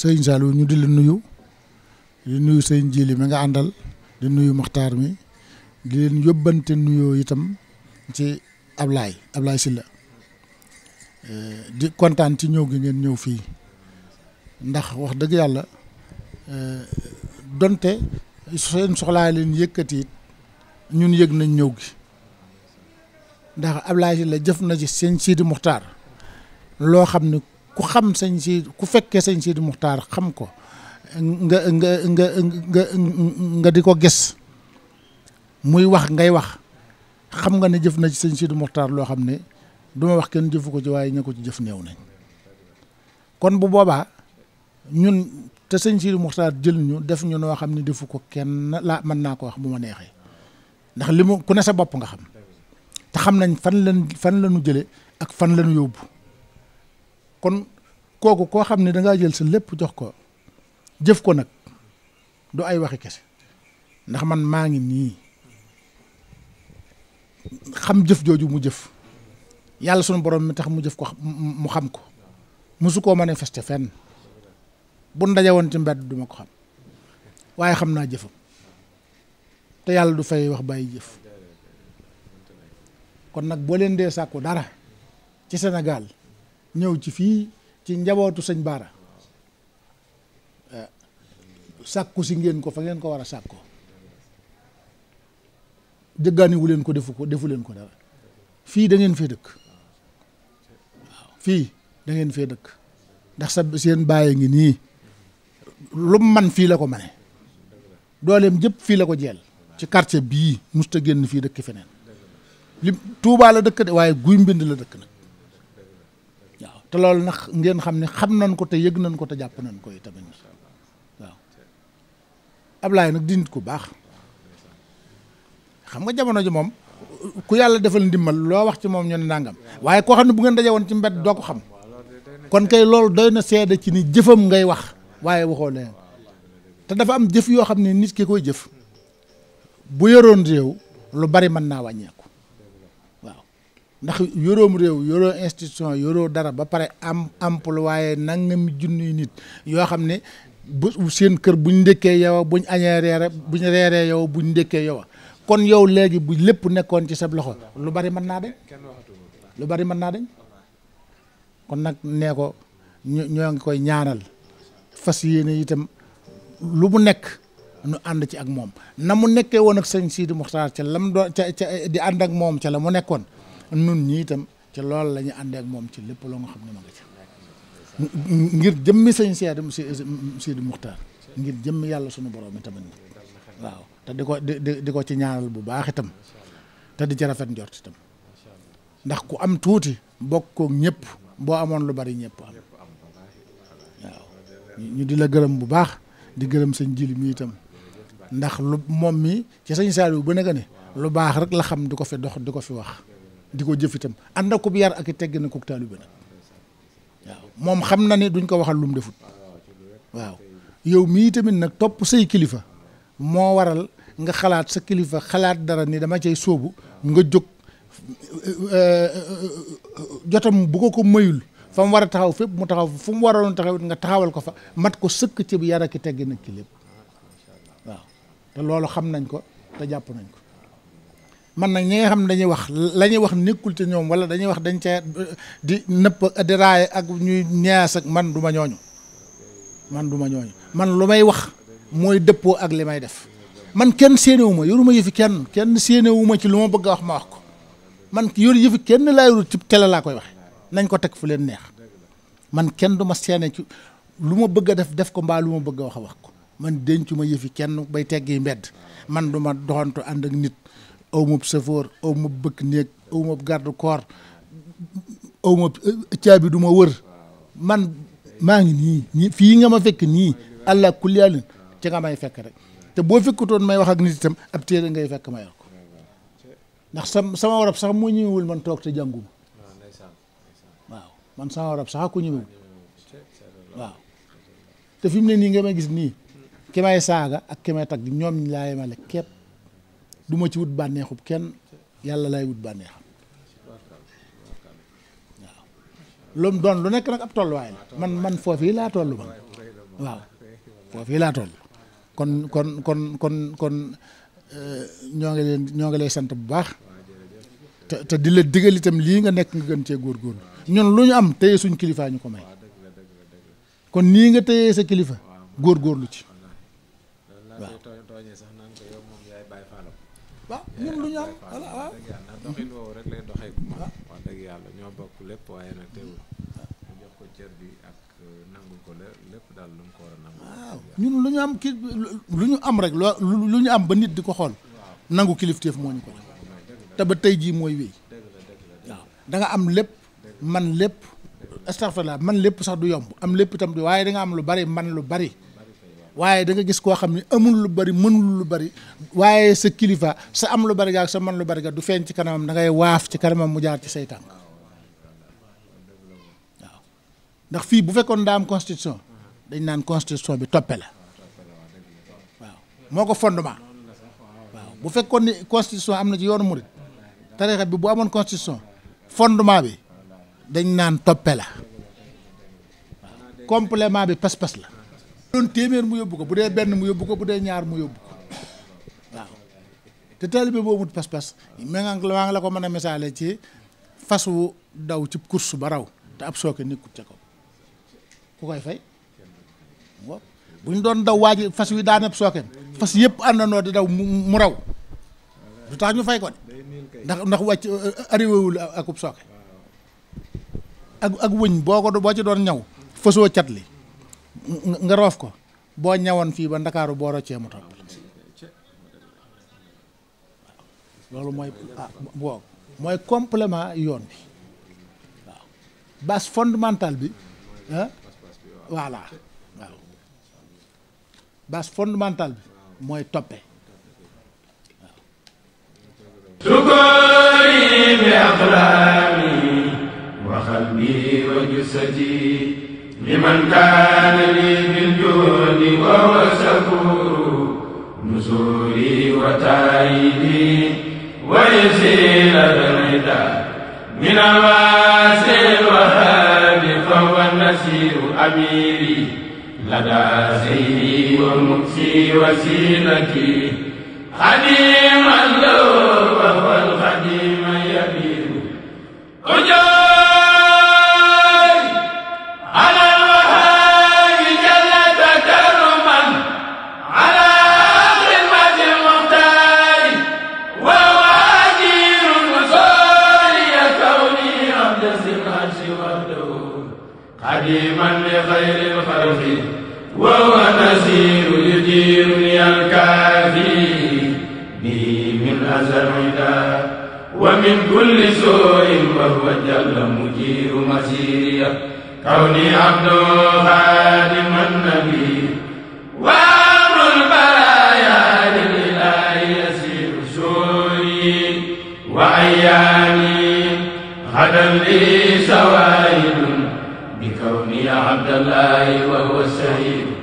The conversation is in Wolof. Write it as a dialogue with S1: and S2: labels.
S1: sëriñ Saliou ñu di la nuyu di nuyu sëriñ Jili mi nga àndal di nuyu Maxtaar mi di leen yóbbante nuyoo itam ci Ablaye Ablaye Sylla eh, di kontaan ci ñëw gi ngeen ñëw fii ndax wax dëgg yàlla eh, donte seen soxlaa leen yëkkati ñun yëg nañ ñëw gi ndax Ablaye la jëf na seen Sidi Muxtaar loo xam ne ku xam sëñ si ku fekkee sëñ Sidi xam ko nga nga nga nga di ko gis muy wax ngay wax xam nga ne jëf na ci sëñ Sidi loo xam ne du wax kenn jëfu ko ci waaye ko ci jëf néew nañ kon bu boobaa ñun te sëñ Sidi Muxtaar jël ñu def ñu noo xam ne defu ko kenn laa mën naa ko wax bu ma neexee ndax li mu ku ne sa bopp nga xam te xam nañ fan lañ fan lañu jële ak fan lañu yóbbu kon kooku koo xam ne dangaa jël sa lépp jox ko jëf ko nag du ay waxi kese ndax man maa ngi nii xam jëf jooju mu jëf yàlla sunu borom mi tax mu jëf ko mu xam ko musu koo manifester fenn bu ndaje woon ci mbedd duma ko xam waaye xam naa jëfam te yàlla du fay wax bàyyi jëf kon nag boo leen dee sàkku dara ci senegal ñëw ci fii ci njabootu sëñ Baara eh, sàkku si ngeen ko fa ngeen ko war a sàkkoo jëggaaniwu leen ko defu ko defu leen ko dara fii da ngeen fee dëkk fii da fee dëkk ndax sa seen bàyyi ngi nii lu man fii la ko mane dooleem jëpp fii la ko jeel ci quartier bii musta génn fii dëkk feneen li Tuubaa la dëkk de waaye guy mbind la dëkk nag te loolu nag ngeen xam ne xam nañ ko te yëg nañ ko te jàpp nañ ko itam waaw Ablaye nag di ko baax xam nga jamono ji moom ku yàlla defal ndimmal loo wax ci moom ñu ne nangam waaye koo xam ne bu ngeen dajee woon ci mbedd doo ko xam kon kay loolu doy na seede ci ni jëfam ngay wax waaye waxoo leen te dafa am jëf yoo xam ne nit ki koy jëf bu yoroon réew lu bari mën naa wàññeeku ndax yoroo réew yoroo institution yoroo dara ba pare am employé nangami junniy nit yoo xam ne bu seen kër buñ ndëkkee yow buñ añee reere buñ reeree yow buñ ndëkkee yow kon yow léegi bu lépp nekkoon ci sa loxo lu bari mën naa dañ lu bari mën naa dañ kon nag nee ko ñoo ngi koy ñaanal fas yéene itam lu mu nekk nu ànd ci ak moom na mu nekkee woon ak sëñ Sidi Muxtaar ca lam doon ca ca di ànd ak moom ca la mu nekkoon nun ñi itam ci loolu lañu ñu moom ci lépp loo nga xam ne ma nga ci ngir jëmmi sëñ Seydi Seydi Muxtaar ngir jëmmi yàlla sunu borom itamit nag waaw te di ko di di ko ci ñaaral bu baax itam te di ci rafet njort itam ndax ku am tuuti bokkook ñëpp boo amoon lu bari ñëpp am la gërëm bu baax di gërëm sëñ jili itam ndax lu moom mii ci sëñ Saliou bu nekk ne lu baax rek la xam di ko fi dox di ko fi wax di ko jëf itam ànd ak ko bi yar ak i tegg na ko taalibe nag waaw moom xam na ne duñ ko waxal lu mu defut waaw yow mii tamit nag topp say kilifa moo waral nga xalaat sa kilifa xalaat dara ni dama cay sóobu nga jóg eh, eh, jotam bu ko ko mayul fa mu war a taxaw fépp mu taxaw fu mu waroon taxaw nga taxawal ko fa mat ko sëkk yar ak i tegg nag ki lépp loolu xam nañ ko te jàpp nañ ko man nag ñi nga xam dañuy wax la ñuy wax nekkul te ñoom wala dañuy wax dañ cee uh, di nëpp uh, di raaye ak ñuy ñaas ak man du ma ñooñu man du ma ñooñu man lu may wax mooy dëppoo ak li may def man kenn séenéwu ma yoruma yëfi kenn kenn séenéwu ci lu ma bëgg a wax ma wax ko man yor yëfi kenn laa yorul ci laa koy waxe nañ ko teg fu leen neex man kenn du ma séene ci lu ma bëgg a def def ko mbaa lu ma bëgg a wax a wax ko man dencu ma yëfi kenn bay teggi mbedd man du ma doxantu ànd ak nit aw ma chauffeur aw ma bëkk néeg aw ma garde corps aw ma caabi du ma wër man maa ngi nii nii fii nga ma fekk nii allah kulli alin ci nga may fekk rek te boo fekkutoon may wax ak nit ngay fekk ma yor ko ndax sama sama warab sax moo ñëwul man toog te jànguma waaw man sama warab sax ku ñëwul waaw te fi mu ne nii nga ma gis nii ki may saaga ak ki may tagg ñoom laa yemale duma ci wut bànneexub kenn yàlla lay wut bànneexam waaw lu doon lu nekk nag ab tolluwaay la man man foofii laa toll man waaw foofii laa toll kon kon kon kon kon eh, ñoo ngi leen ñoo ngi sant bu baax te di la digal itam lii nga nekk gën cee góorgóorlu ñun lu am téye suñ kilifaa ñu ko may kon nii nga téye sa kilifa góorgóorlu ci waaw waaw ñun lu ñu am voilà yàlla ñoo bokk lépp waaye nag ko cër bi ak euh, nangu ko lépp daal lu ñu am ki ñu am rek lu lu ñu am ba nit di ko xool nangu kilifteef moo ñu ko te ba tey jii mooy wéy danga am lépp man lépp astaghfirullah man lépp sax du yomb am lépp itam du waaye da nga am lu bari man lu bari waaye da nga gis koo xam ne amul lu bari mënul lu bari waaye sa kilifa sa am lu bari ga ak sa mën lu bari ga du feeñ ci kanamam da ngay waaf ci kanamam mu jaar ci say tànk ndax fii bu fekkoon daa am constitution dañ naan constitution bi toppe la waaw moo ko fondement bu fekkoon ni constitution am na ci yoonu murit tarixa bi bu amoon constitution fondement bi dañ naan toppe la complément bi pas-pas la doon téeméer mu yóbbu ko bu dee benn mu yóbbu ko bu dee ñaar mu yóbbu ko waaw te taalibe boo mut pas-pas ma maa ngi la ko mën a misaale ci fas wu daw ci course ba raw te ab sooke nekkut ca ko ku koy fay bu ñu doon daw waaji fas wi daan ab sookeem fas yëpp àndandoo di daw mu raw du tax ñu fay ko de ndax ndax wàcc arrivé wul akub sooke ak ak wëñ boo ko boo ci doon ñaw fasoo cat li nga roof ko boo ñawoon fii ba ndakaaru boo roccee mu topp loolu mooy ah boo mooy complément yoon bi waaw bi ah, voilà waaw bi mooy toppe waaw لمن كان لي بالجود وهو سكور نسوري وتايدي ويسيل الردى من الواسع الوهاب فهو النسير أميري لدى سيدي ومكسي وسيلتي خديما له وهو الخديم يبير أجاب زمدا ومن كل سوء وهو جل مجير مسيري كوني عبد خادم النبي وامر البرايا للاله يسير سوري وايامي غدا لي شواهد بكوني عبد الله وهو الشهيد